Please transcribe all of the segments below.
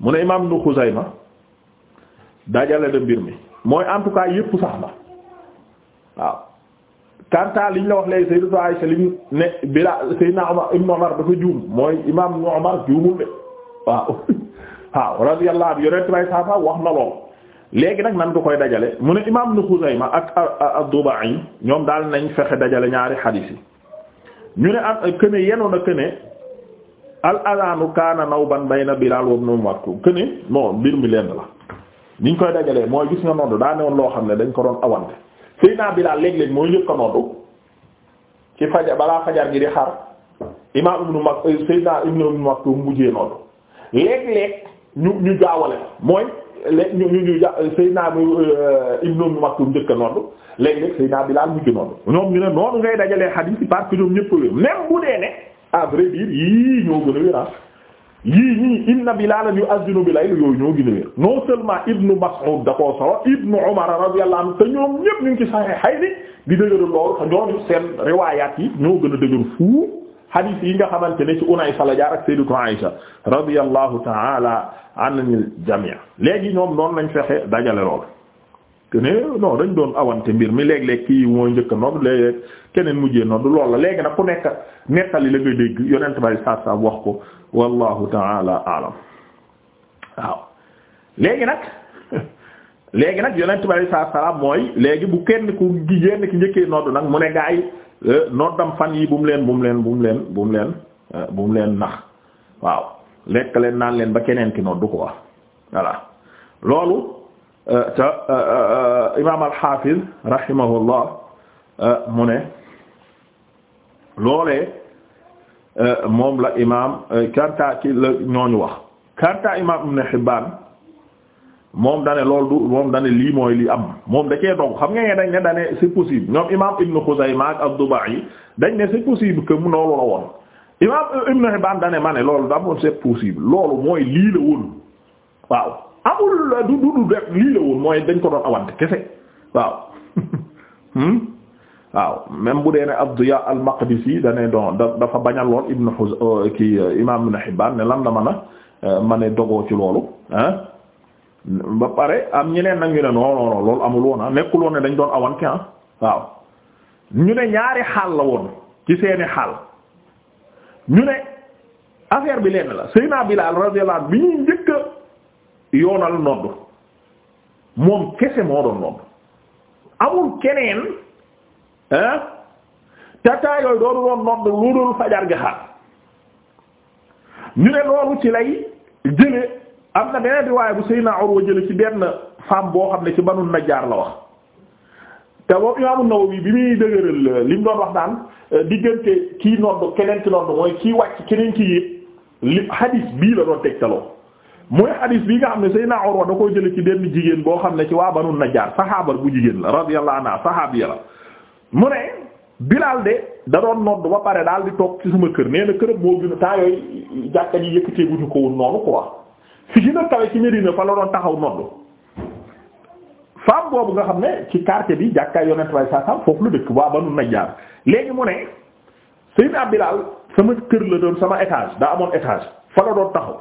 mu ne imaam Ibnu Xuzayma dajale da mbir mi mooy en tout cas yépp sax na waaw kanta liñ la wax léegi Sayyidatu Aisha liñ ne bila Sayyidina Umar Ibnu Umar dafa juum mooy imaam Ibnu Umar juumul de waaw waaw radiyallahu anhu yonent bay saa wax na lool léegi nag nan ko koy dajale mu ne imaam Ibnu Xuzayma ak ad-Dubai ñoom daal nañ fexe dajale ñaari xadiis yi ñu ne am ah, këne yenoon a këne al adanu kaana nawban bayna Bilaal wa Ibn Maktum que ni mbir mi lenn la niñ koy dajalee mooy gis nga nodd daa newoon loo xam ne dañ ko doon awante Seydina Bilaal léeg-léeg mooy njëkk a gi di xar Imaam Ibn Maktum eh, Seydina Ibn Maktum mujjee noddu léeg-léeg ñu ñu jaawale mooy léeg ñu ñu ñu ja Seydina eh, Ibn Maktum njëkk a noddu léeg-léeg Seydina Bilaal mujj noddu noonu ngay dajalee xadiis yi parce que ñoom ñëpp même bu dee ne. abri vrai dire yii ñoo gën a wér ah. yii ñii inna Bilaal yu'adhdhinu bi-layl yooyu ñoo gën a wér non seulement Ibnu Mas'ud da koo solo Ibnu Umar radiyallahu anhu te ñoom ñëpp ñu ngi ci saxe xay ni di dëgëru lool te seen riwaayaat yi ñoo gën a dëgëru fu hadith yi nga xamante ne ci Unay sala jaar ak Sayyidatu Aïsha radiyallahu ta'ala anil jami' léegi ñoom noonu lañ fexe dajale lool que ne non dañ doon awante mbir mi léeg-léeg kii mooy njëkk a nodd léeg-léeg keneen mujjee nodd loolu la léegi nag ku nekk nettali la nga dégg yonent bay saa saa wax ko wallahu taala alam waaw léegi nag léegi nag yonent bay saa saa mooy léegi bu kenn ku génn ki njëkkee nodd nag mu ne gaa yi eh, noddam fan yi bu mu leen bu mu leen bu mu leen bu mu leen eh, bu mu leen nax waaw lekk leen naan leen ba keneen ki nodd ko wax voilà loolu te eh, eh, eh, imaam al-Hafiz rahimahullah mu ne loole moom la imaam kanta ci la ñooñu wax kanta imaam Ibn Hibban moom dane lool du moom dane lii mooy li am moom da cee dog xam nga ne dañ ne dane c'est possible ñoom imam Ibn Khuzayma ak ad dañ ne c'est possible que mu loolu a woon imam Ibn Hibban dane ma ne loolu da moom c'est possible loolu mooy lii la woon waaw amul du du def lii la woon mooy dañ ko doon awante kese waaw hmm? waaw même bu dee ne ab Abdiya al-Maqdisi da ne don dafa bañaloon Ibn Huz euh, ki euh, imaam Ibn Hibbaan ne lam la mën a euh, ma ne dogoo ci loolu ah ba pare am ñeneen nag ñu ne non non amul woon ah nekkul ne dañ doon awante ah waaw ñu ne ñaari xaal la woon ci seeni xaal ñu ne affaire bi lenn la Seydina Bilaal radiyallahu anhu bi ñuy njëkk yoonal nodd moom kese moo doon nodd amul keneen ah tata yooyu doonu doon nodd lu dul fajar gi xaar ñu ne loolu ci lay jële am na beneen riwaaya bu sey Seydina Urwa jële ci benn fam boo xam ne ci Banu Najjaar la wax te boobu Imaam Nawawi bi muy dëgëral euh, li doon wax daan di euh, diggante kii nodd keneen ki nodd mooy kii wàcc keneen ki yépp li hadis bii la doon tegtaloo mooy hadis bi nga xam ne Seydina Urwa da koo jële ci benn jigéen boo xam ne ci waa Banu Najjaar saxaaba bu jigéen la radiyallahu anha saxaabiya la mu ne Bilaal de da doon nodd ba pare daal di toog ci sama kër nee na këram moo gën a temps yooyu jàkka ji yëkkatee guñu ko woon noonu fi gën a tawe ci taxaw nodd femme nga xam ne ci quartier bi jàkkaay yonent way saa sam foofu la dëkk waa Banu Najjaar léegi mu ne Seydina Bilaal sama kër la doon sama étage daa amoon étage fa la doon taxaw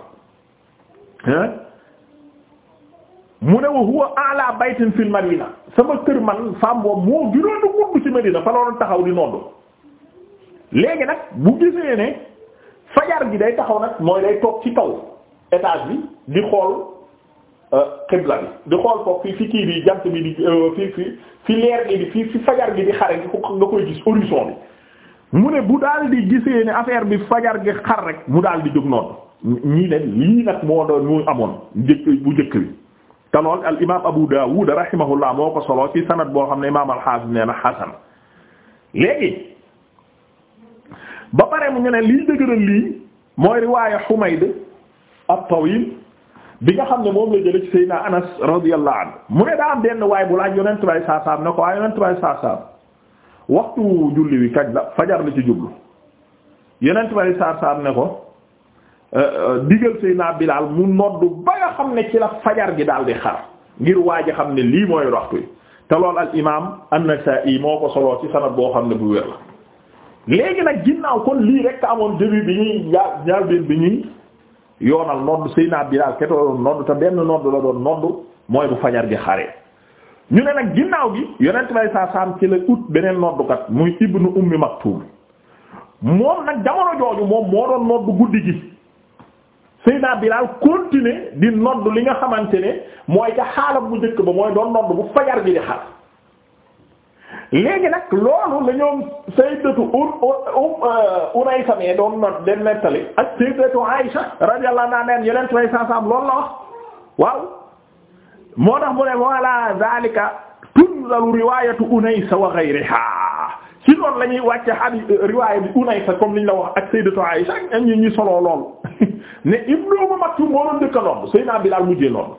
mu ne wa huwa ala baytin fil madina sama kër man femme boobu moo gënoon a gudd ci madina fa loolu taxaw di noddu léegi nag bu gisee ne fajar gi day taxaw nag mooy day toog ci kaw étage bi di xool euh, xibla bi di xool foofu fi fi kii bi jant bi di euh, fi fi fi leer gi di fi fi fajar gi di xare gi nga koy gis horizon bi mu ne bu daal di gisee ne affaire bi fajar gi xar rek mu daal di jóg noddu ñii ne lii nag moo doon muy amoon njëkk bu njëkk bi te lool al imaam Abu Dawud rahimahullah moo ko solo ci sanad boo xam ne imaam al-Hasan nee na hasan léegi ba pare mu ñu ne lii dëgëral lii mooy riwaaya Humayd at-Tawil bi nga xam ne moom la jële ci Seydina Anas radiyallahu anhu mu ne daa am benn waay bu laa yonent bay saa saam ne ko waaye yonent bay saa saam waxtu julli wi kaj la fajar la ci jublu yonent bay saa saam ne ko Euh, euh, digal Seydina Bilaal mu nodd ba nga xam ne ci la fajar gi daal di xar ngir waaj a xam ne lii mooy waxtu yi te lool al imaam An-Nasaa'i moo ko soloo ci sanad boo xam ne bu wér la léegi nag ginnaaw ko lii rek amoon début bi ñuy jaar jaar bi ñuy yoonal nodd Seydina Bilaal keto la doon nodd te benn nodd la doon nodd mooy bu fajar gi xaree ñu ne nag ginnaaw gi yonent bay saa saam ci la ut beneen noddukat muy Ibnu Ummi Maktum moom nag jamono jooju moom guddi gi Seydina Bilaal continuer di nodd li nga xamante ne mooy ca xaalam bu njëkk ba mooy doon nodd bu fajar bi di xar léegi nag loolu la ñoom Sayyidatu euh, Unaysa mee doon nodd den nettali ak Sayyidatu Aysa radiyallahu anha yeneen tray saasaam loolu la wax waaw moo tax mu ne wala zalika tunzalu riwaayatu Unaysa wa ghayriha ci loolu la wàcce xadiis euh, riwaaya bi Unaysa comme liñ la wax ak Sayyidatu Aysa ak ñi solo loolu ne Ibnu Umm Maktum moo doon dëkka nodd Seydina Bilaal mujjee nodd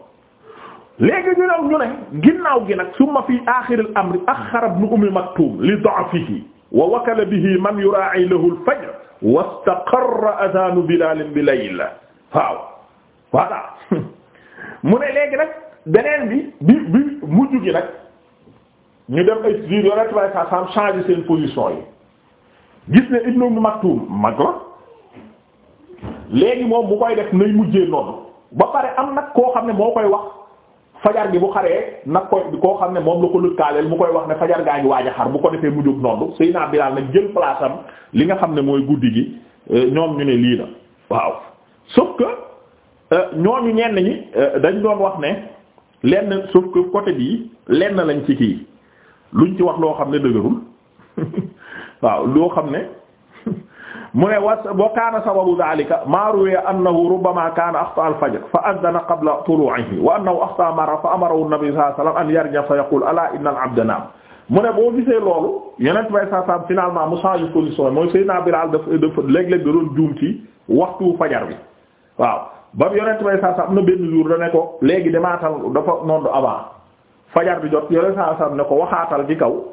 léegi ñu new ñu ne ginnaaw gi nag summa fi aaxiril amri axxara Ibnu Maktum li da'fihi wa wakala bihi man yuraa'i lahu al-fajr wastaqarra adhaanu Bilaal bi layla waaw voilà mu ne léegi nag beneen bi bi bi mujj gi nag ñu dem ay yonent bi sallallahu alayhi wasallam changer seen position yi ne Ibnu Maktum mag léegi moom bu koy def nay mujjee noonu ba pare am nag koo xam ne moo koy wax fajar gi bu xaree nag koy koo xam ne moom la ko lëkkaaleel mu koy wax ne fajar gaa ngi waaja a xar bu ko defee mu jóg noonu Seydina Bilaal nag jël place li nga xam ne mooy guddi gi euh, ñoom ñu ne lii la waaw sauf euh, ñooñu ñenn ñi euh, dañ doon wax ne lenn sauf que bii lenn lañ ci kii luñ ci wax loo xam ne dëgërul waaw loo xam ne mu ne was wa kaana sababu dhalika ma ruwiya annahu rubbama kaana axta al-fajr fa adhana qabla tulu'ihi wa annahu axta marra fa amarahu an-nabi sallallahu alayhi wa sallam an yarja fa yaqul ala inna al-'abda naam mu ne boo gisee loolu yeneen bay saa saam finalement da doon juum ci waxtu na ko léegi damaatal dafa noonu avant bi jot yonent saa saam ne ko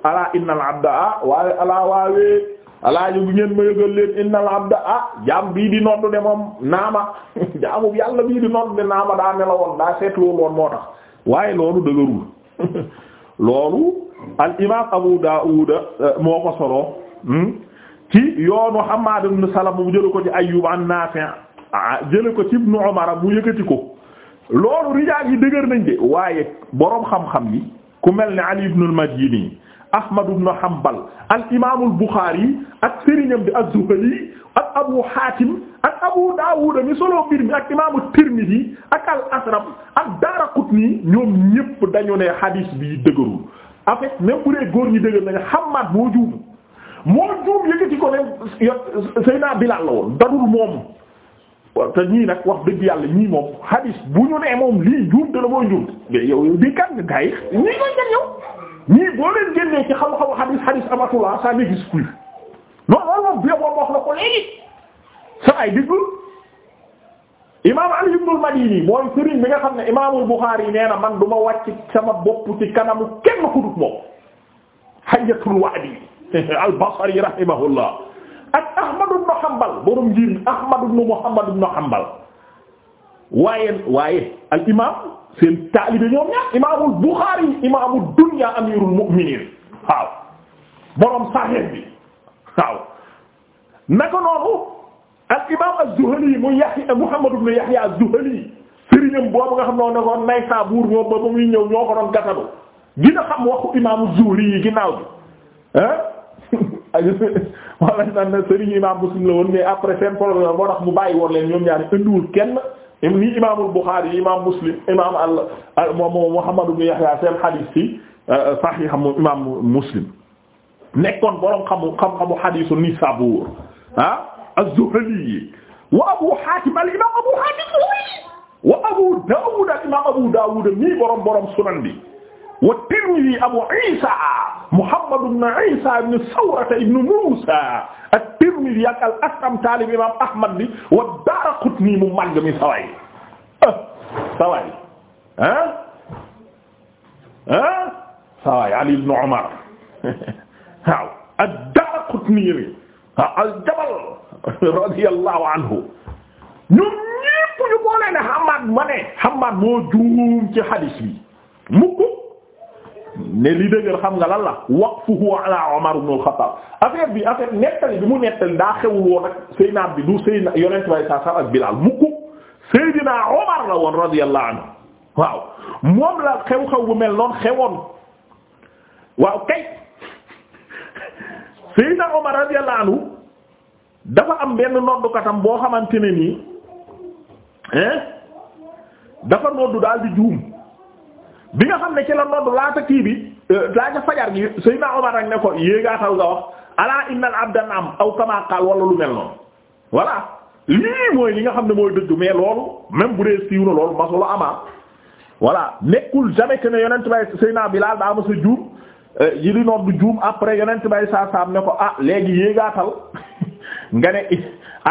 alaa yëgu ngeen ma yëgal leen innal abda ah jaam bii di noddu de moom naama jaamu yàlla bii di noddu de naama daa nelawoon daa seetluwul woon moo tax waaye loolu dëgërul loolu al imaam Abu Daawud eh, moo ko solo hmm, ci yoonu Hammaad ibn Salama mu jële ko ci Ayyub an Naafi' ah, jële ko ci Ibn Umar mu yëkkati ko loolu rijaal yi dëgër nañ de waaye boroom xam-xam yi ku mel ni Ali ibn madini Ahmad ibn Hanbal al imaamul Bukhari ak sëriñam bi az-Zuhli ak Abu Hatim ak Abu Dawud mi solo mbir mi ak imaamu Tirmidhi ak al Asram ak Daraqutni ñoom ñépp dañu ne hadith bi dëgërul en fait góor ñi dëgër nañu Hammad moo juum moo juum yëkkati ko ne yot Seyna la woon dadul moom te ñii nag wax dëgg yàlla ñii moom hadith bu ñu nee moom lii juum te la mooy juum mais yow yow di kan ñii koy jar yow. ñii boo leen génnee ci xam-xamu xadis xadis amatulaa ça n'existe non loolu moom bioboon wax la ko léegi sa ay diggul imam Ali ibn al mooy sëriñ bi nga xam ne imamul Bukhari yi man du ma wàcc sama bopp ci kanamu kenn ku dut moom Hayyatul Wadi al-Basri rahimahullah ak Ahmad ibn Hanbal borom jiir Ahmad ibn Muhammad ibn Hanbal waaye waaye al seen taalibe ñoom ñaar imaamul Buxaari imaamu dunya amirul mu'minin waaw borom Sahih bi waaw naka noonu al imaam az-Zuhali mu Yahya Muhammad ibn Yahya az-Zuhali sëriñam boobu nga xam ne ne ko Naysaabuur ñoom ba muy ñëw ñoo ko doon gàttalu gina xam waxu imaamu Zuhali yi ginnaaw bi ah wala ñu naan sëriñu imaam Muslim la woon mais après seen problème boo tax mu bàyyi woon leen ñoom ñaar indiwul kenn. ni imaamul Buxaari imaam Muslim imaam al moom Muhammad ibn Yahya seen xadiis ci euh, Sahih imaam Muslim nekkoon boroom xamu xam-xamu xadiisu Nisaabuur ah az-Zuhli wa Abu Haatim al imaam Abu Haatim wa Abu Daawuud al imaam Abu Daawuud mi boroom boroom sunan bi wa Tirmidhi Abu Isa Muhammad ibn Isa ibn Sawrata ibn Musa at-Tirmidhi ak al-Asram taalib Imam Ahmad bi wa Daraqutni mu màgg mi saway ah, saway ah ah saway Ali ibn Umar waaw ad-Daraqutni ah, al-Jabal radiyallahu anhu ñoom ñépp ñu boole ne Hamad ma ne Hamad moo juum ci hadith bi mukk ne li dëgër xam nga lan la waqfuhu ala Umar ibn al-Khattab affaire bi affaire nettali bi mu nettali daa xewul woon ak Seydina bi du Seydina yonent bay saa saa ak Bilal mukk Seydina la woon radiyallahu anhu waaw moom la xew-xew bu mel noonu xewoon waaw kay Seydina Umar radiyallahu anhu dafa am benn noddukatam boo xamante ne nii dafa noddu daal di juum bi nga xam ne ci la nodd laata kii bi euh, laata fajar gi Seydina Omar rek ne ko yéegaatal nga wax ala innal abda naam aw kama qaal wala lu mel noonu voilà lii mooy li nga xam ne mooy dëgg mais loolu même bu dee siiw na loolu masula amaat voilà nekkul jamais ne yonent bay Seydina Bilaal daa ma sa juum euh, yi di nodd juum après yonent bay saa saam ne ko ah léegi yéegaatal nga ne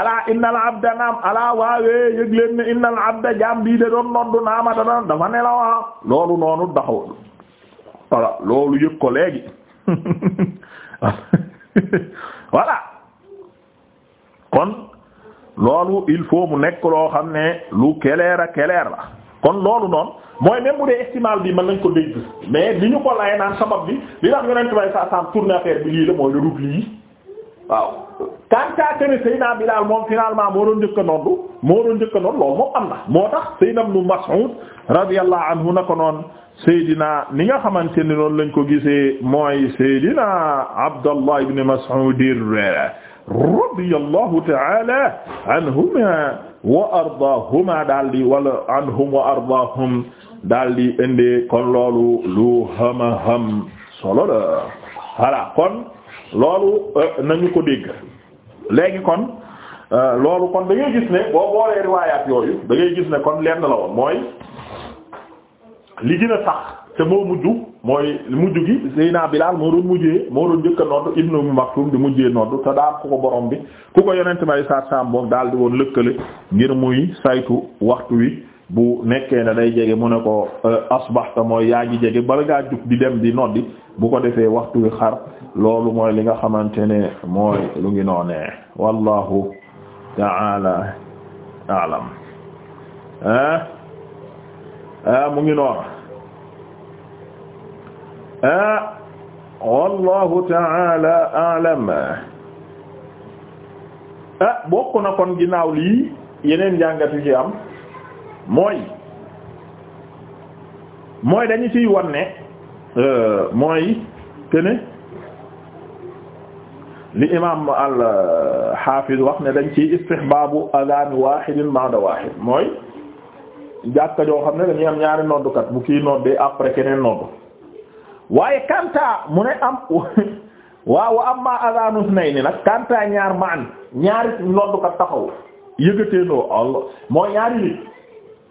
alaa innal abda naam alaa waawee yëg leen ne innal abda jaam bii de doon noddu naama dana dafa nelawaa ah. loolu noonu daxaw loolu yëg ko léegi voilà kon loolu il faut mu nekk loo xam ne lu keleer keleer la kon loolu noonu mooy même bu dee istimal bi mën nañ ko dégg mais li ñu ko laye sa sam mooy le route lii waaw kanta kene Seydina Bilal moom finalement moo doon njëkka noddu moo doon njëkka noddu loolu moom am na moo tax Seydina Ibnu Mas'ud radiyallahu anhu na ko noon Seydina ni nga xamante ne noonu lañ ko gisee mooy Seydina Abdallah ibn Mas'ud radiyallahu ta'ala anhuma wa ardaahuma daal di wala anhum wa ardaahum daal di indee kon loolu lu hama ham solo la voilà kon loolu euh, nañu ko dégg léegi kon euh, loolu kon da gis ne boo boolee riwaayaat yooyu da ngay gis ne kon lenn la woon mooy li gën a sax te moo mujj mooy mujj gi Seyna Bilaal moo doon mujjee moo doon njëkk a nodd Ibnu Umm Maktum di mujjee nodd te daal ku ko borom bi ku ko yonent may saat saam boog di woon lëkkale ngir muy saytu waxtu wi bu nekkee ne day jege mu ne ko euh, asbaxta mooy yaa ngi jege bala ngaa jug di dem di noddi bu ko defee waxtu wi xar loolu mooy li nga xamante ne mooy lu ngi noonee wallahu ta'ala a'lam ah mu ngi noonu ah wallahu ta'ala a'lam ah bokk na kon ginnaaw lii yeneen jàngatu ci am mooy mooy dañu ciy wone Euh, mooy que li imaam al-Hafiz euh, wax ne dañ ci istihbaabu adaan waahidin ba'da waahid mooy jàkka joo xam ne dañuy am ñaari noddukat bu kii noddee après keneen noddu waaye kanta mu ne am waaw wa amma adaan usnayni nag kanta ñaar maan ñaari noddukat taxaw yëgateenoo Allah mooy ñaari nit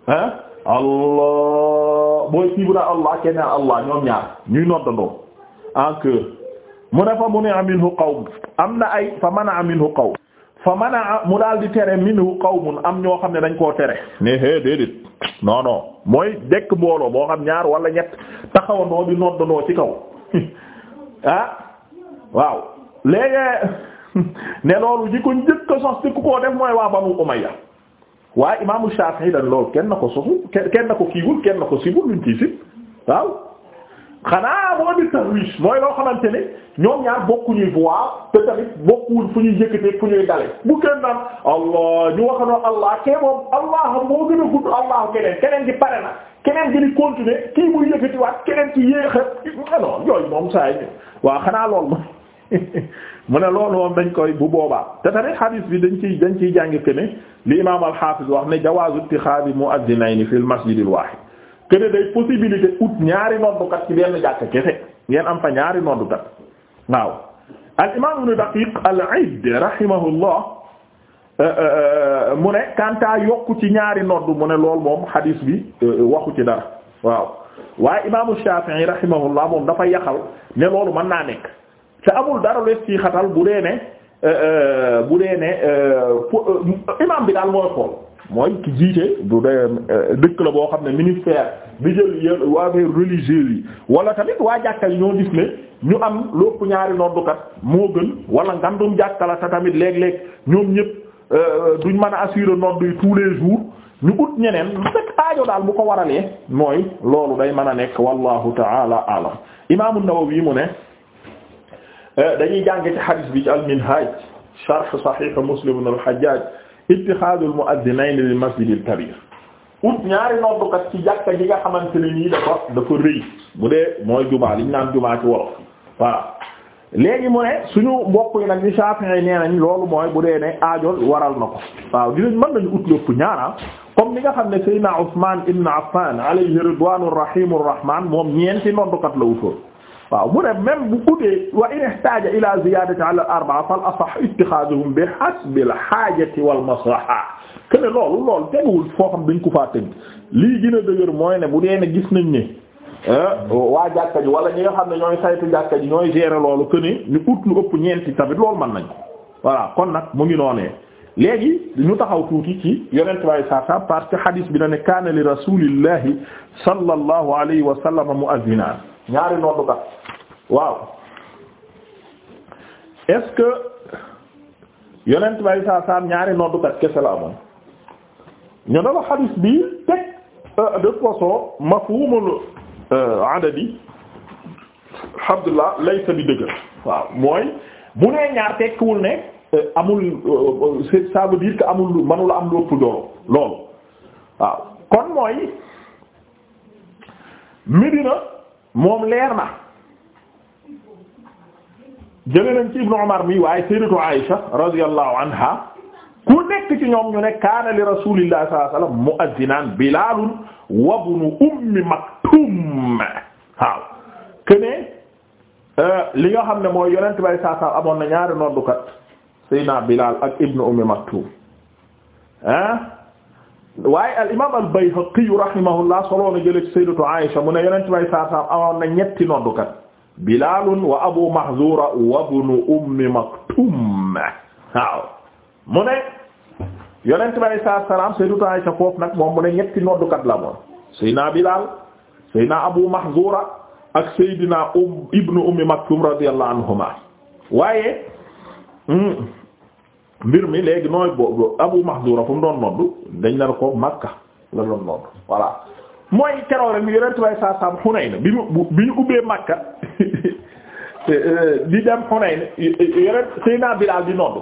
ah allah booy siibra allah keneen allah ñoom ñaar ñuy noddandoo en chœur mu ne fa mu ne minhu qawm am na ay fa mana minhu qawm fa mana mu daal di tere minhu qawmun am ñoo xam ne dañ koo tere ne hee déedéet non mooy dekk mbooloo boo xam ñaar wala ñett taxawandoo di noddandoo ci kaw ah waaw léegi ne loolu ñi ko sos ci ko def mooy waa Banu Umayya waaye imaamu Shafi'i dañ loolu kenn na ko sosu kenn na ko kiiwul kenn na ko siwul luñ ciy si waaw moo di tarwiis mooy loo xamante ne ñoom ñaar bokkuñuy voix te tamit bokkuwul fu ñu yëkkatee fu ñuy dale bu kenn naan allah ñu waxanoo allah kee moom allah moo gën a gudd allah keneen keneen gi pare na keneen gi di continuer kii muy yëkkatiwaat keneen ci yéexa non yooyu moom saa yi waa xanaa loolu mu ne loolu moom dañ koy bu boobaa te tamit hadith bi dañ ciy dañ ciy jàng ke ne li imaam al-Hafiz wax ne jawaazu ittixaadi ni fil masjidil waahid que ne day possibilité ut ñaari noddukat ci benn jàkk kese ngeen am fa ñaari noddukat waaw al imaam ibn Daqiq al-Iid rahimahullah euh, euh, euh, mu ne kanta yokku ci ñaari noddu mu ne loolu moom hadith bi waxu ci dara waaw waaye imaamu Shaafi'i rahimahullah moom dafa yaxal ne loolu mën naa nekk te amul dara lees ci bu dee ne euh, euh, bu dee ne euh, imam bi daal mooy xool mooy ki jiite du dee dëkk la boo xam ne ministère bi jël waa affaire religieuse yi wala tamit waa jàkka yi ñoo gis ne ñu am lépp ñaari noddukat moo gën wala ngandum jàkka la te tamit léeg-léeg ñoom ñëpp duñ mën a assurer nodd yi tous les jours ñu ut ñeneen lu fekk aajo daal bu ko waralee mooy loolu day mën a nekk wallahu ta'ala alam imaamu Nawawi mu ne Eh, dañuy jàng ci hadis bi ci al-Minhaj sharh Sahih Muslim ibn al-Hajjaj ittixaadul mu'addinayn lil masjidil kabiir ut ñaari noddukat ci jàkka ji nga xamante ne nii dafa dafa rëy bu dee mooy jumaa liñ naan jumaa ci wolof voilà léegi mu ne suñu mbokk yi nag ñu Shafi'i nee nañ loolu mooy bu dee ne aajo waral na ko waaw dinañ mën nañu ut lépp ñaara ah. comme ni nga xam ne Seydina Usmaan ibn Affaan alayhi ridwaanur rahiimur rahmaan moom ñeenti noddukat la utoon. waaw mu ne même bu utee wa in ihtaja ila ziyadati ala al arba'a fal asah ittixaaduhum bi hasbi al haajati wal maslaha kene loolu loolu teguwul foo xam dañ ko faa tënk lii gën a dëgër mooy ne bu dee ne gis nañ ne eh, waa jàkka ji wala ñi nga xam ne ñooy saytu jàkka ji ñooy gérer loolu que ni ñu ut lu ëpp ñeenti tamit loolu man nañ ko voilà kon nag mu ngi noonee léegi ñu taxaw tuuti ci yonent bi alayhi salaatu parce que hadis bi na ne kaana li rasulillahi sallallahu alayhi wa sallam mu'azzinaan ñaari noddukat waaw est-ce que yonent bay saa saam ñaari noddukat kese la amoon ñu dafa xadis bi teg euh, de façon mafhumul euh, adadi Abdullah laysa bi dëgër waaw mooy bu nee ñaar tekkiwul ne euh, amul c'est ça veut dire que amul manula am lu ëpp dooro loolu waaw kon mooy Medina moom leer na jëlee nañ ci ibnu Umar mi waaye sayyidatu Aisha radiyallahu anha ku nekk ci ñoom ñu ne kaana li rasulillahi sallallahu alayhi wasallam mu'azzinaan Bilaalun Maktum waaw kene euh, li nga xam ne mooy yonent bay saa saa amoon na ñaari noddukat sayyidina Bilaal ak ibnu Ummi Maktum ah waaye al imaam al Bayhaqi rahimahullah solo na jëlee ci sayyidatu Aisha mu ne yonent bay saa saa amoon na ñetti noddukat Bilaalun wa Abu Mahzura wa ibnu Ummi Maktum waaw mu ne yonent bi saa salaam Sayyidatu Aysa foofu nag moom mu ne ñetti noddukat la moom Seydina Bilaal Seydina Abu Mahzura ak Seydina um ibnu Ummi Maktum radiyallahu anhuma waaye hmm, mbir mi léegi nooy boobu Abu Mahzura fu mu doon noddu dañ la ko Makka la doon noddu voilà. mooy keroog rek yonent bay saa saam Hunayn bi mu bi ñu ubbee Makka di dem Hunayn yonent Seydina Bilaal di noddu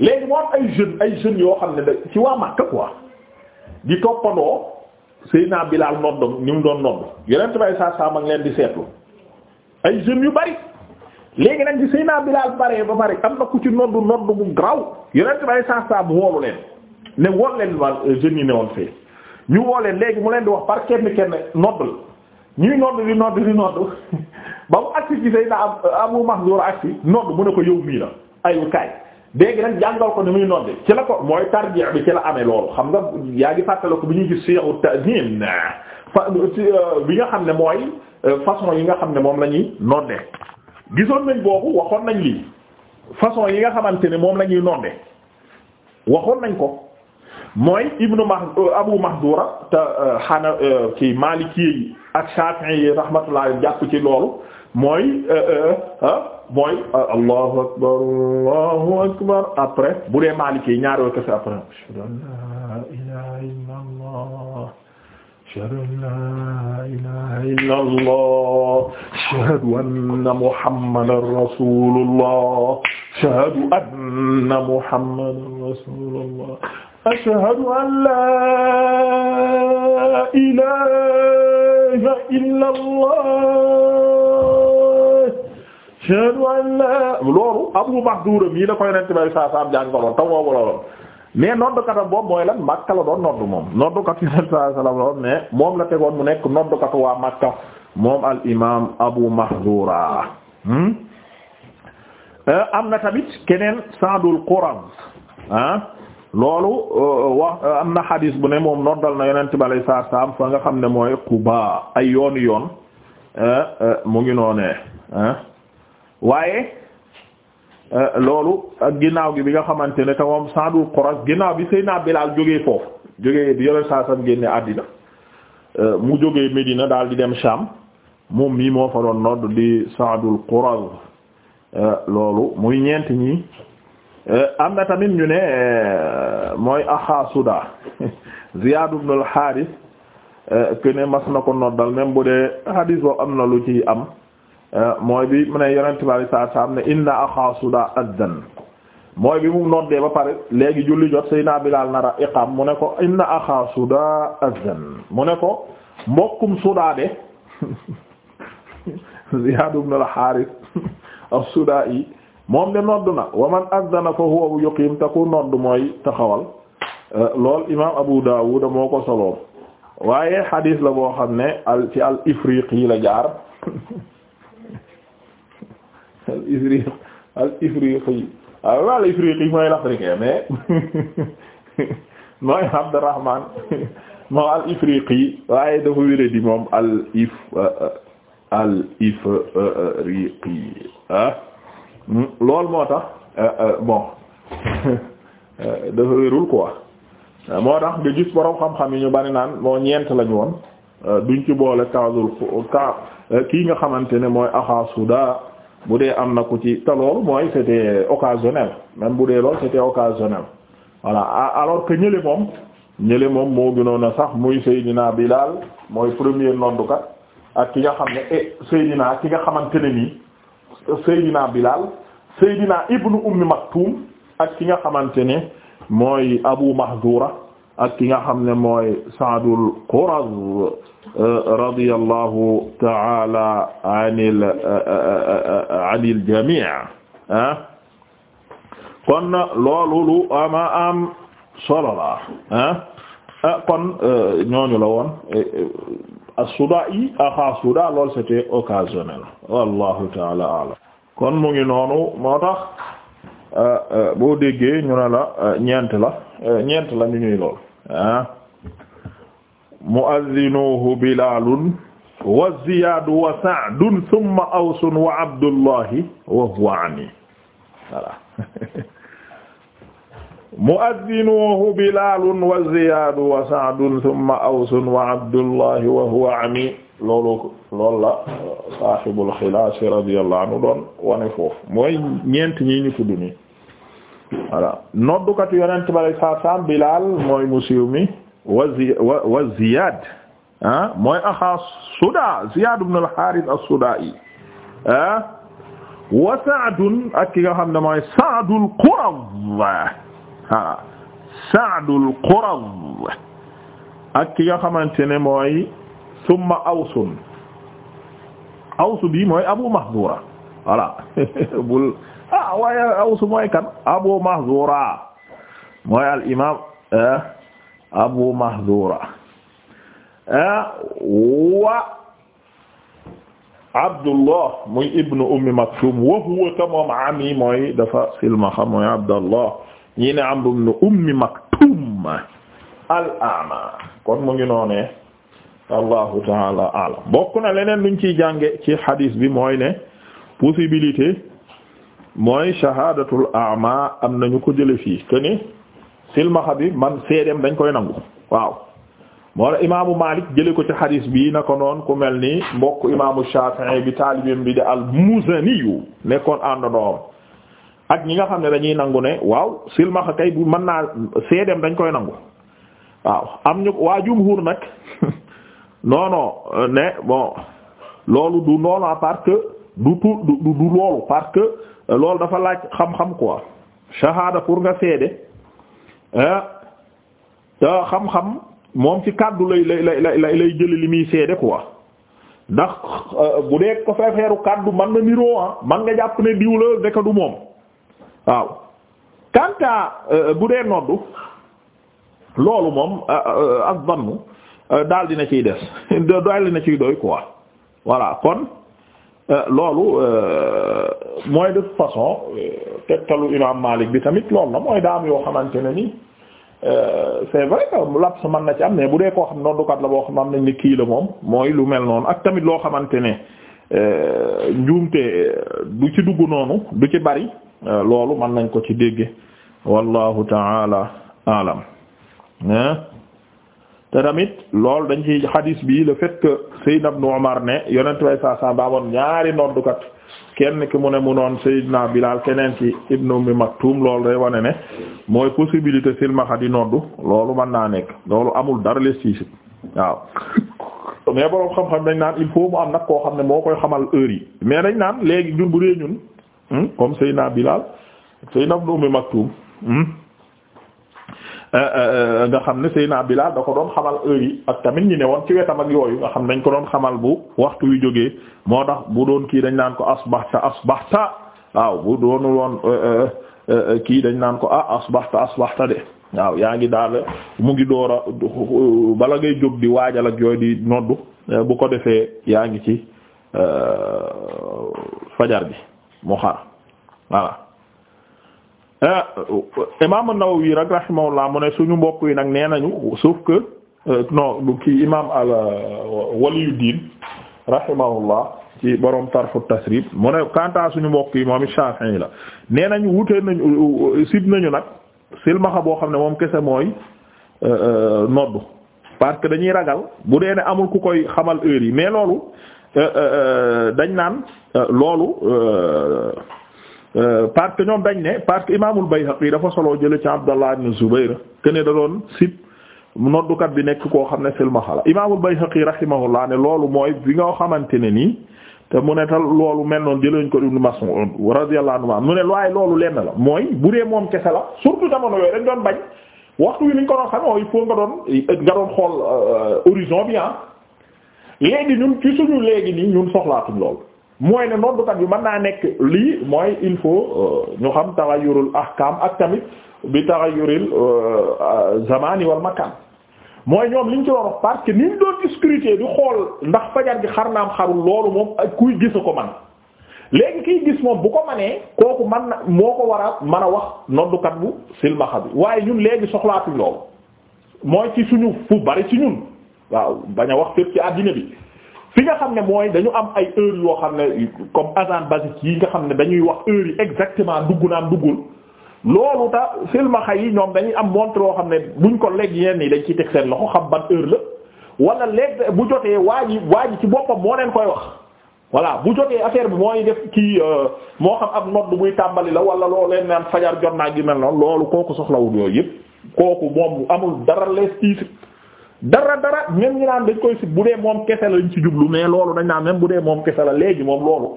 léegi moo ay jeunes ay jeunes yoo xam ne da ci waa Makka quoi di toppandoo Seydina Bilaal noddam ni mu doon noddu yonent bay saa saam ak leen di seetlu ay jeunes yu bari léegi nag di Seydina Bilaal bare ba pare am na ku ci noddu noddu bu graw yonent bay saa saam woolu leen ne wool leen ma jeunes yi ne woon fee ñu woo leen léegi mu leen di wax par kenn kenn noddal ñuy nodd di nodd di nodd ba mu agsi ci Seydina Abu Mahzura agsi nodd mu ne ko yow mii la ayu kaay dégg nag jàngal ko ni muy nodde ci la ko mooy tarjih bi ci la amee loolu xam nga yaa ngi fàttale ko bu ñuy gis siyahu ta'zim fa euh, bi nga xam ne mooy euh, façon yi nga xam ne moom la ñuy nodde gisoon nañ boobu waxoon nañ lii façon yi nga xamante ne moom la ñuy nodde waxoon nañ ko mooy ibnu mah euh, abu mahdura te xana euh, ci euh, maliki yi ak shafi'i yi rahmatullah jàpp ci loolu mooy ah, mooy allahu akbar allahu akbar après bu dee maliki yi ñaar yooyu kese après ashhadu an la ilaha illa allah ashhadu an la ilaha illa allah ashhadu anna muhammadan rasulullah ashhadu anna muhammadan rasulallah ashhadu an laa ilaaha illallah ashhadu an Abu Mahduura mii la koy Yonent bi saa saa jàngaloon taw boobu la woon mais boobu mooy lan Makka la doon noddu moom noddukat Yonent mu nekk noddukatu waa Makka moom al Abu Mahduura hmm? euh, am na tamit keneen Sa'dul Quraz Ah loolu euh, wax euh, am na xadis bu ne moom noddal na yonent bi alayhi salaatu salaam fa nga xam ne mooy Quba ay yoon yoon euh, mu ngi noonee ah. waaye loolu ak ginnaaw gi bi nga xamante ne te moom Saadul Qurash ginnaaw bi Seydina Bilaal jógee foofu jógee bi yonent saa sam génne àddina mu jógee Medina daal di dem Sham moom mii moo fa doon nodd di Saadul Qurash loolu muy ñeent ñi Euh, am na tamit ñu ne euh, mooy axa suda Ziyaad ibn al-Haaris euh, ne mas na ko noddal même bu dee hadis boobu am na lu ci am mooy bi mu ne yonent bi saa saa am ne inna axa suda addan mooy bi mu noddee ba pare léegi julli jot Seydina Bilaal nara iqaam mu ne ko inna axa suda addan mu ne ko mbokkum suda de Ziyaad ibn al-Haaris as moom de nodd na wa man fa huwa yuqim te ku nodd mooy taxawal euh, lool imaam Abu Dawud moo ko soloo waaye xadiis la boo xam ne al ci al ifriqi la jaar al ifriqi ah, al ifriqi mooy l'africain mais mooy Abdurrahman moom al ifriqi waaye dafa wéré di moom al euh, euh, ifriqi ah. lool moo tax euh, euh, bon dafa wérul quoi euh, moo tax nga gis borom xam-xam yi ñu bari naan moo ñeent lañu woon duñ ci boole kasul kii nga xamante ne mooy axaasuda bu dee am na ku ci te loolu mooy c'était occasionnel même bu dee loolu c'était occasionnel voilà alors que ñële moom ñële moom moo gënoon sax muy bi daal mooy premier noddukat ak ki nga xam ne eh Seydina ki nga xamante ne Seydina Bilal Seydina ibnu Ummi Maktum ak ki nga xamante ne mooy Abu Mahzura ak ki nga xam ne mooy Sa'dul Quraz euh, radiyallahu ta'ala anil euh, euh, anil jami' ah kon loolu lu ama am solo la ah, ah kon ñooñu la woon eh, eh, as-Sudaa'i axaa Sudaa lool c'était occasionnel wallahu taala alam kon mu ngi noonu moo tax euh, euh, boo déggee ñu ne la euh, ñeent la ñeent la ñu ñuy lool ah mu'adhinuhu Bilaalun wa Ziyaad wa Sa'dun thumma Awsun wa Abdullahi wa huwa ani mu'addinuhu Bilaalun wa Ziyaadu wa Sa'dun thumma Awsun wa Abdullahi wa huwa ami loolu loolu la saahibul xilaas radiyallahu anhu doon wane foofu mooy ñeent ñi ñu tudd nii voilà noddukat yonent bi saa saam Bilaal mooy mu siiw mi wa Zi wa Ziyaad ah mooy axaa Sudaa Ziyaad ibn al-Haaris as-Sudaa'i ah wa Sa'dun ak ki nga xam ne mooy Sa'dul Quraz ah Sa'dul Quraz ak ki nga xamante ne mooy summa awsun awsu bi mooy Abu Mahzura voilà bul ah waaye awsu mooy kan Abu Mahzura mooy al imaam eh, Abu Mahzura eh, wa Abdullah muy ibnu Ummi Maktum wa huwa moom ami mooy dafa silmaxa mooy Abdullah ñi ne Amru ibn Ummi Maktum al-A'ma kon mu ngi noonee allahu taala alam bokk na leneen luñ ciy jànge ci hadis bi mooy ne possibilité mooy shahadatul a'ma am nañu ko jële fii que ni silmaxa bi man seedeem dañ koy nangu waaw moo la imaamu Malik jële ko ci hadis bi na ko noon ku mel ni mbokk imaamu Shafi'i bi taalibim bi di al-Muzani nekkoon àndandoom ak ñi nga xam ne dañuy nangu ne waaw silmaxa kay bu man naa seedeem dañ koy nangu waaw am ñu waa jumhur nag non non ne bon loolu du noonu parce du tout du du loolu parce que euh, loolu dafa laaj xam-xam quoi shahada pour nga seede te xam-xam moom ci kàddu lay lay lay lay jëli li muy seede quoi ndax euh, bu dee ko feefeeru kàddu man na niroo ah man nga jàpp ne diw la du moom. waaw kanta euh, bu dee noddu loolu moom euh, euh, ak bannu daal dina ciy des daal na ciy doy quoi voilà kon loolu mooy de toute façon tegtalu imam Malik bi tamit loolu la mooy daa yoo xamante ne ni c'est vrai que laps mën na ci am mais bu dee koo xam noddukat la boo xam am nañ ne kii la moom mooy lu mel noonu ak tamit loo xamante ne njuumte du ci dugg noonu du ci bari Euh, loolu mën nañ ko ci dégge wallahu taala alam te tamit loolu dañ ci hadis bi la fait que Seydina Ibn Umar ne yonent way saa saa ñaari noddukat kenn ki mu ne mu noon Seydina Bilal keneen ci Ibn Ummi Maktum loolu day wane ne mooy possibilité silmaxa di noddu loolu man naa nekk loolu amul dara les siisit waaw mais boroom xam-xam dañ naan il faut mu am nag koo xam ne moo koy xamal heure yi mais dañ naan léegi ñun bu dee ñun Hmm? comme Seyna Bilal Seyna ibn Ummi Maktum hmm? euh, euh, euh, nga xam ne Seyna Bilal da ko doon xamal yi ak tamit ñi ne woon ci wetam ak yooyu nga xam ne dañ ko doon xamal bu waxtu yu jógee moo tax bu doon kii dañ naan ko asbahta asbahta waaw bu doonul kii dañ naan ko ah asbahta asbahta de waaw yaa ngi daal mu ngi door a bala ngay jóg di waajal ak yooyu di noddu bu ko defee yaa ngi ci fajar gi mu xar voilà eh, imam an-Nawawi rek rahimahullah mu ne suñu mbokk yi nag nee nañu sauf que euh, non kii imam al euh, Waliyuddin rahimahullah ci borom tarfu tasrib mu ne kanta suñu mbokk yi moom i Shafi'i la nee nañu wutee nañu sib nañu nag silmaxa boo xam ne moom kese mooy euh, noddu parce que dañuy ragal bu dee ne amul ku koy xamal heure yi mais loolu Euh, euh, euh, dañ naan loolu parce que ñoom dañ ne parce que imaamul Bayhaqi dafa solo jël ci Abdallah ibn Zubayr que ne da doon sib noddukat bi nekk koo xam ne silmaxa la imaamul Bayhaqi rahimahullah ne loolu mooy bi nga xamante ne nii te mu ne tal loolu mel noonu jëlañ ko Ibn Mas'ud radiyallahu anhu mu ne waaye loolu lenn la mooy bu moom kese la surtout jamono yooyu dañ doon bañ waxtu wi niñ ko doon xam il faut nga doon nga doon xool horizon bi ah léegi ñun ci suñu léegi nii ñun soxlaatuñ lool mooy ne noddukat bi mën naa nekk lii mooy il faut euh, ñu xam taxayurul ahkam ak tamit bi taxayuril euh, zamani wal makan mooy ñoom liñ ci war wax parce que ni doon discuter di xool ndax fajar gi xar naa am xarul loolu moom ak kuy gis ko man léegi kiy gis moom bu ko manee kooku man na moo ko war a mën a wax noddukat bu silmaxa bi waaye ñun léegi soxlaatuñ loolu mooy ci suñu fu bari ci ñun waaw bañ a wax fépp ci àddina bi fi nga xam ne mooy dañu am ay heures yoo xam ne comme azan basique yi nga xam ne dañuy wax heures yi exactement dugg naan duggul loolu ta silmaxa yi ñoom dañuy am montre yoo xam ne buñ ko léeg yenn yi dañ ciy teg seen loxo xam ban heure la wala léeg bu jotee waa ji waa ji ci boppam moo leen koy wax voilà bu jotee affaire bi mooy def kii euh, moo xam ab nodd muy tàmbali la wala loo leen naan fajar jot naa gi mel noonu loolu kooku soxlawul yooyu yëpp kooku moom amul dara dara même ñu naan dañ koy si bu dee moom kese lañ ci jublu mais loolu dañ naan même bu dee moom kese la léegi moom loolu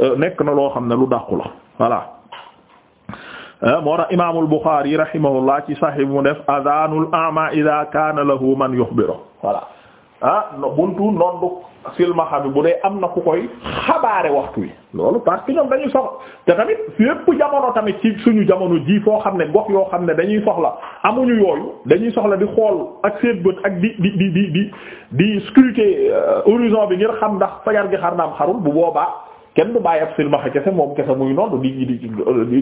euh, nekk na loo xam ne lu dàqu la voilà euh, moo tax imaamul Buxaari rahimahullah ci Sahih mu def adhaanul a'ma idha kaana lahu man yukhbiru voilà ah buntu noddu silmaxa bi bu dee am na ku koy xabaare waxtu wi loolu parce que ñoom dañuy soxla te tamit fépp jamono tamit ci suñu jamono jii foo xam ne gox yoo xam ne dañuy soxla amuñu yooyu dañuy soxla di xool ak seen bët ak di di di di di di scruter euh, horizon bi ngir xam ndax fajar gi xar naam xarul bu boobaa kenn du bàyyi ab silmaxa kese moom kese muy noddu di di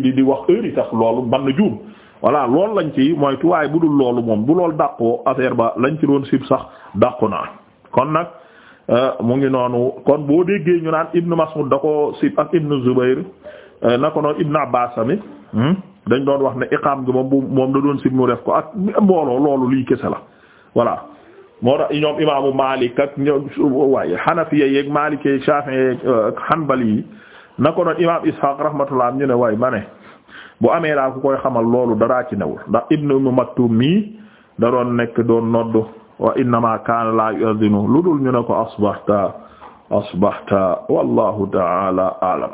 di di wax heure yi sax loolu man na juum voilà loolu lañ ci mooy tuwaay bu dul loolu moom bu loolu dàqoo affaire ba lañ ci doon sib sax dàqu naa kon nag euh, mu ngi noonu kon boo déggee ñu naan Ibn Mas'ud da ko sib ak Ibn Zubair euh, na ko hmm, dañ doon wax ne iqaam gi da doon sib mu mbooloo loolu lii kese la voilà moo tax ñoom imaamu Maalik ak ñoom waaye Hanafiya yeeg euh, na ko noonu imaam Ishaq rahmatullah ñu ne waaye ma ne bu amee laa ku koy xamal loolu daraa ci newul ndax ibnu Umm Maktum mii da nekk doon noddu wa innama kaana la yu'adhinu lu dul ñu ne ko asbahta asbahta wallahu ta'ala a'lam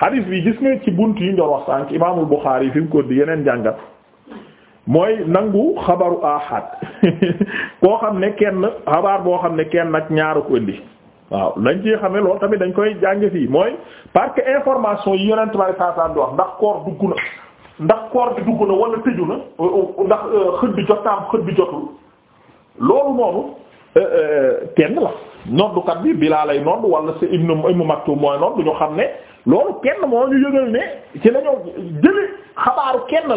hadis bi gis nga ci bunt yi ñor wax sànq imaamul Buxaari yi fi mu yeneen jàngat mooy nangu xabaru ahad koo xam ne kenn xabaar boo xam ne kenn nag ñaaru ko indi waaw lañ ci ne loolu tamit dañ koy jànge fii mooy parce que information yi yonent bi saa saa di wax ndax koor dugg na ndax koor bi dugg na wala tëju na ndax euh, xët bi jotaam xët bi jotul loolu noonu euh, euh, kenn la noddukat bi bilaa lay nodd wala sa ibnu ibnu Maktum mooy nodd ñu xam ne loolu kenn moo ñu yëgal ne ci la ñoo xabaaru kenn la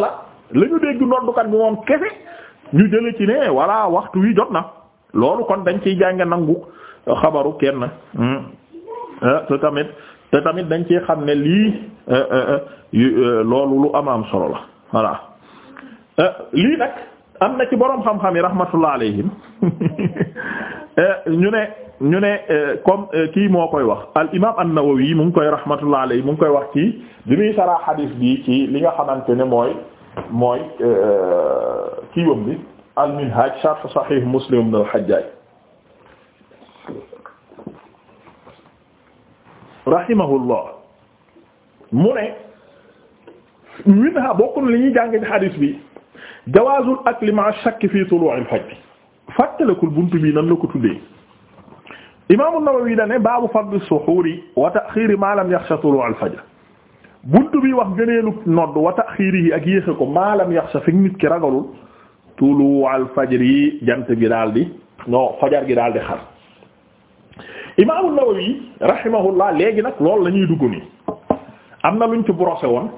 la ñu dégg noddukat bi moom kese ñu jële ci ne voilà waxtu wi jot na loolu kon dañ ciy jànge nangu xabaru kenn hmm. eh, te tamit te tamit dañ ci xam ne lii eh, eh, loolu lu am am solo la voilà lii nag am na ci boroom xam-xam yi rahmatullah alayhim ñu ne ñu ne comme kii moo koy wax al imaam an-Nawawi mu ngi koy rahmatullah alayhi mu ngi koy wax ci bi muy saraa xadiis bi ci li nga xamante ne mooy mooy kii bi al-Minhaj sharh Sahih Muslim ibn al-Hajjaj rahimahullah mu ne minha bokk na li ñuy jàng ci hadis bi jawaazul akli ma'a shakk fi tulu'il fajr fàttalikul buntu bi nan la ko tuddee imaamu Nawawi da ne baabu fadli suhuuri wa ta'xiiri maa lam yaxsha tulu'il fajr buntu bi wax gëneelu nodd wa ta'xiirihi ak yéexe ko maa lam yaxsha fi nit ki ragalul tulu'il fajr yi jant bi daal di non fajar gi daal di xar. imaamu Nawawi rahimahullah léegi nag loolu la ñuy dugg nii am na luñ ci brosé woon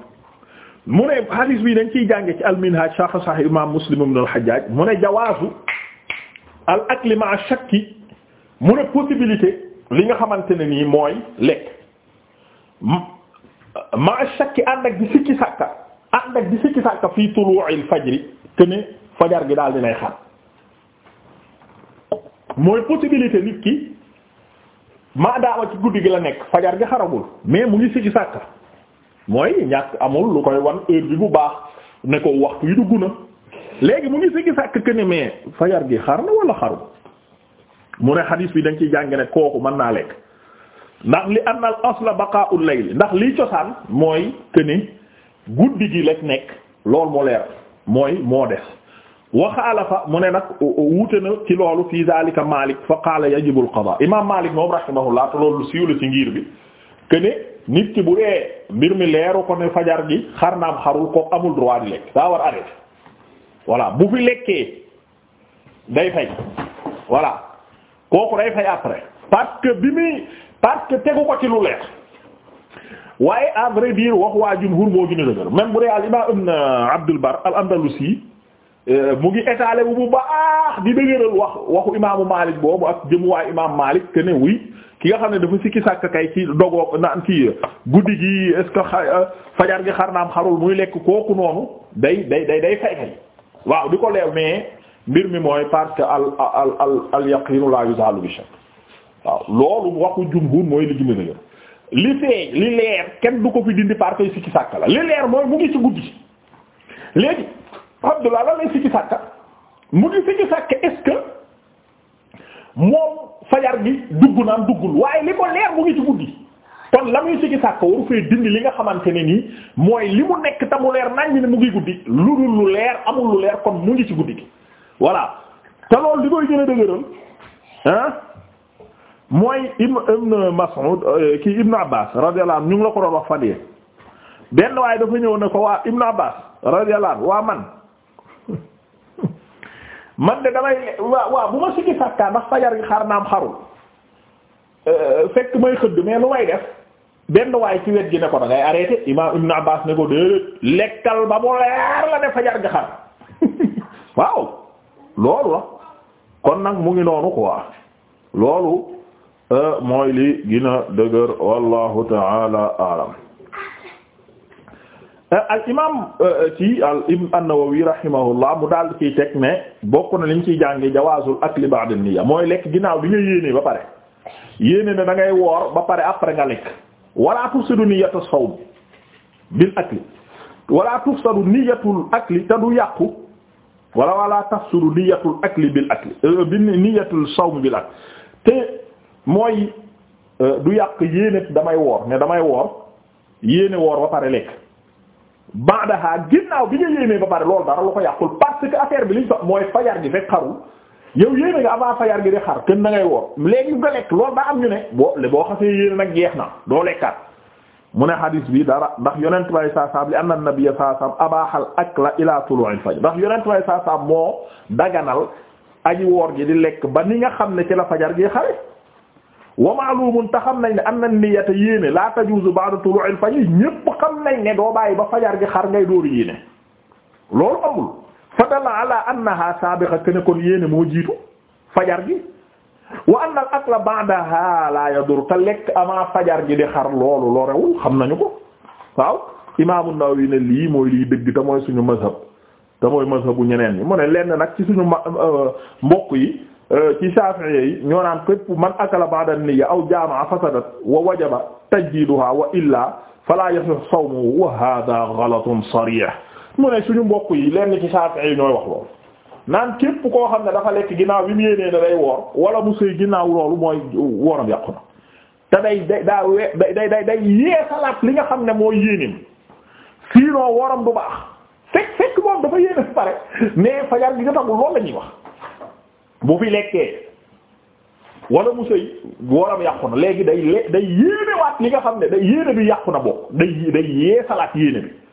mu ne hadis bi dañ ciy jànge ci al-Minhaj sharh Sahih imam Muslim ibn al-Hajjaj mu ne jawaazu al-akli ma'a shakki mu ne possibilité li nga xamante ne nii mooy lekk ma'a shakki ànd ak di sikki sàkka ànd ak di sikki sàkka fii tulu'il fajri te fajar gi daal dinay xar mooy possibilité nit maa maadaama ci guddi gi la nekk fajar gi xaragul mais mu ngi sigi sàkka mooy ñàkk amul lu koy wan heure bi bu baax ne ko waxtu yi dugg na léegi mu ngi sigi sàkk que mais fajar gi xar na wala xaru mu ne xadiis bi dañ ciy jàng ne kooku mën naa lekk ndax li anna al asla baqa'ul li ndax liy cosaan mooy que guddi gi la nekk loolu moo leer mooy moo def wa xaalafa mu ne nag wuute na ci loolu fii zalika fa qaala yajibu al-qadaa imaam Malik moom rahimahullah te loolu la ci bi que ne ki bu dee mbir mi leer ko fajar gi xar naam xarul ko amul droit lekk daa war arrêté bu fi lekkee day fay voilà kooku day fay après parce que bi muy parce que tegu ko ci lu leer waaye à vrai dire waa jumhur moo gën a dëgër bu dee al imaam Ibn Abdul al-Andalusi Euh, mu ngi étalé wu bu baax di dëgëral wax waxu imaamu Malik boobu ak jëmuwaay imam Malik que ne wuy ki nga xam ne dafa sikki sàkk kay ci dogoo naan ci guddi gi est que euh, fajar gi xar naam xarul muy lekk kooku noonu day day day day fay waaw di ko leew mais mbir mi mooy parce que al al al al yaqinu la yuzalu bi shakk waaw loolu waxu jumhur mooy li gën li feeñ li leer kenn du ko fi dindi parce que sikki sàkk la li leer mooy mu ngi ci guddi Abdullah la lay sikki mu ngi sikki sàkka moom fajar gi dugg naan duggul waaye li ko leer mu ngi ci guddi kon la muy sikki sàkka waru fee dindi li nga xamante ni nii mooy li mu nekk te mu leer mu ngi guddi lu lu leer amul lu leer kon mu ngi ci guddi gi voilà te lool li koy gën a dëgëral mooy Ibn Mas'ud euh, ki Ibn Abbas radiyallahu anhu ñu ngi la ko doon wax fan yéen benn waaye dafa ñëw ne ko waa Ibn Abbas radiyallahu anhu waa man. man de damay waaw bu ma sikki sàkkaa ndax fajar gi xar am xarul euh, euh, fekk may xëdd mais lu may def benn waaye ci wet gi ne ko da ngay arrêté Ibn Abbas ne ko déedéet lekkal ba mu leer la ne fajar gi xar waaw loolu la kon nag mu ngi noonu quoi loolu euh, mooy li gën dëgër wallahu ta'ala a'lam Euh, al imaam euh, ci al ibn an-Nawawi rahimahullah mu daal ciy teg ne bokk na li ñu ciy jàngee jawaazul akli ba'da niyya mooy lekk ginnaaw bi nga yéenee ba pare yéene ne da ngay woor ba pare après nga lekk wala tufsidu niyyatu sawm bil akli wala tufsadu niyyatul akli te du yàqu wala wala tafsidu niyyatul akli bil akli euh, bi niyyatul sawm bil akli te mooy du yàq yéene damay woor ne damay woor yéene woor ba pare lekk. baadaha ginnaaw bi nga yéenee ba pare lool dara lu ko yàqul parce que affaire bi liñ fa mooy fajar gi fekk xaru yow yéene nga avant fajar gi di xar kenn da ngay wor léegi nga lekk loolu daa am ñu ne boo boo xasee yéene nag jeex na doo lekkat mu ne hadis bi dara ndax yonent bay saa saam li anna nabiyya saa saam abaaxal akla ila tulu'il fajr ndax yonent bay saa saam moo daganal aji woor gi di lekk ba ni nga xam ne ci la fajar gi xare wa ma'lumun te xam nañ ne am na niyata yéene la tajuzu ba'da tulu'il fajr ñépp xam nañ ne doo bàyyi ba fajar gi xar ngay dóor yéene loolu amul fa dalla ala annaha sabiqa kene kon yéene moo jiitu fajar gi wa anna al akla te lekk avant fajar gi di xar loolu loo rewul xam nañu ko waaw imaamu Nawawi ne lii mooy lii dëgg te mooy suñu mazhab te mooy mazhabu ñeneen yi mu ne lenn nag ci suñu euh, mbokk yi Euh, ci Shafi'i yi ñoo naan képp man akala ba'da niyya aw jaama'a fasadat wa wajaba tajdiduha wa illa fala yasih sawmu wa hadha ghalatun sarih mu ne suñu mbokk yi lenn ci Shafi'i yi ñooy wax lool naan képp koo xam ne dafa lekk ginnaaw bi mu yéenee ne day woor wala mu sëy ginnaaw loolu mooy wooram yàqu na te day day daa day day day yee salaat li nga xam ne mooy yéenim sinon wooram du baax fekk fekk moom dafa yéene ba pare mais fajar gi jotagul loolu la wax bu fi lekkee wala mu sëy waram yàqu na léegi day le day yéene waat li nga xam ne day yéene bi yàqu na bokk day day yee salaat yéene bi